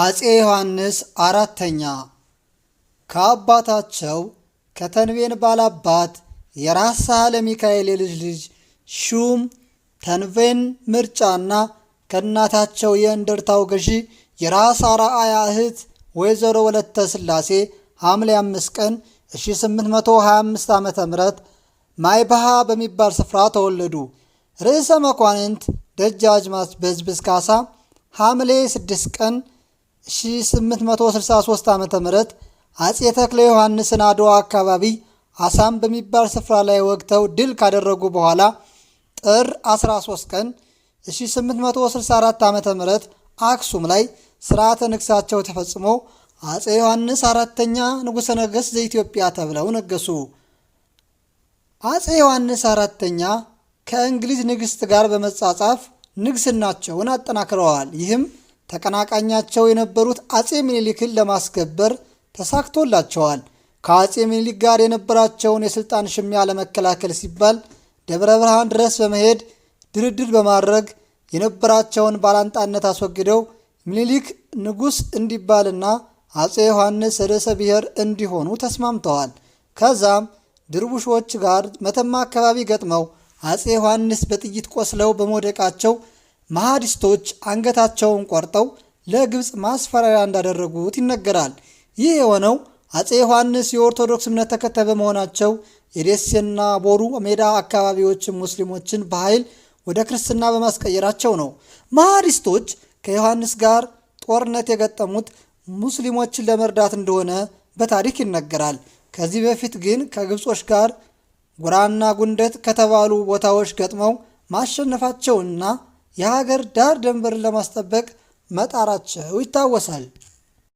አጼ ዮሐንስ አራተኛ ከአባታቸው ከተንቤን ባላባት የራስ ሳህለ ሚካኤል የልጅ ልጅ ሹም ተንቤን ምርጫና ከእናታቸው የእንደርታው ገዢ የራስ አርአያ እህት ወይዘሮ ወለተ ስላሴ ሐምሌ አምስት ቀን 1825 ዓ ም ማይባሃ በሚባል ስፍራ ተወለዱ። ርዕሰ መኳንንት ደጃዝማች በዝብዝ ካሳ ሐምሌ 6 ቀን 1863 ዓ ም አጼ ተክለ ዮሐንስን አድዋ አካባቢ አሳም በሚባል ስፍራ ላይ ወግተው ድል ካደረጉ በኋላ ጥር 13 ቀን 1864 ዓ ም አክሱም ላይ ስርዓተ ንግሳቸው ተፈጽሞ አጼ ዮሐንስ አራተኛ ንጉሠ ነገሥት ዘኢትዮጵያ ተብለው ነገሱ። አጼ ዮሐንስ አራተኛ ከእንግሊዝ ንግሥት ጋር በመጻጻፍ ንግስናቸውን አጠናክረዋል። ይህም ተቀናቃኛቸው የነበሩት አጼ ምኒልክን ለማስከበር ተሳክቶላቸዋል። ከአጼ ምኒልክ ጋር የነበራቸውን የሥልጣን ሽሚያ ለመከላከል ሲባል ደብረ ብርሃን ድረስ በመሄድ ድርድር በማድረግ የነበራቸውን ባላንጣነት አስወግደው ምኒልክ ንጉሥ እንዲባልና አጼ ዮሐንስ ርዕሰ ብሔር እንዲሆኑ ተስማምተዋል። ከዛም ድርቡሾች ጋር መተማ አካባቢ ገጥመው አጼ ዮሐንስ በጥይት ቆስለው በመውደቃቸው መሀዲስቶች አንገታቸውን ቆርጠው ለግብፅ ማስፈራሪያ እንዳደረጉት ይነገራል። ይህ የሆነው አፄ ዮሐንስ የኦርቶዶክስ እምነት ተከታይ በመሆናቸው የደሴና ቦሩ ሜዳ አካባቢዎች ሙስሊሞችን በኃይል ወደ ክርስትና በማስቀየራቸው ነው። መሐዲስቶች ከዮሐንስ ጋር ጦርነት የገጠሙት ሙስሊሞችን ለመርዳት እንደሆነ በታሪክ ይነገራል። ከዚህ በፊት ግን ከግብጾች ጋር ጉራና ጉንደት ከተባሉ ቦታዎች ገጥመው ማሸነፋቸውና የሀገር ዳር ደንበርን ለማስጠበቅ መጣራቸው ይታወሳል።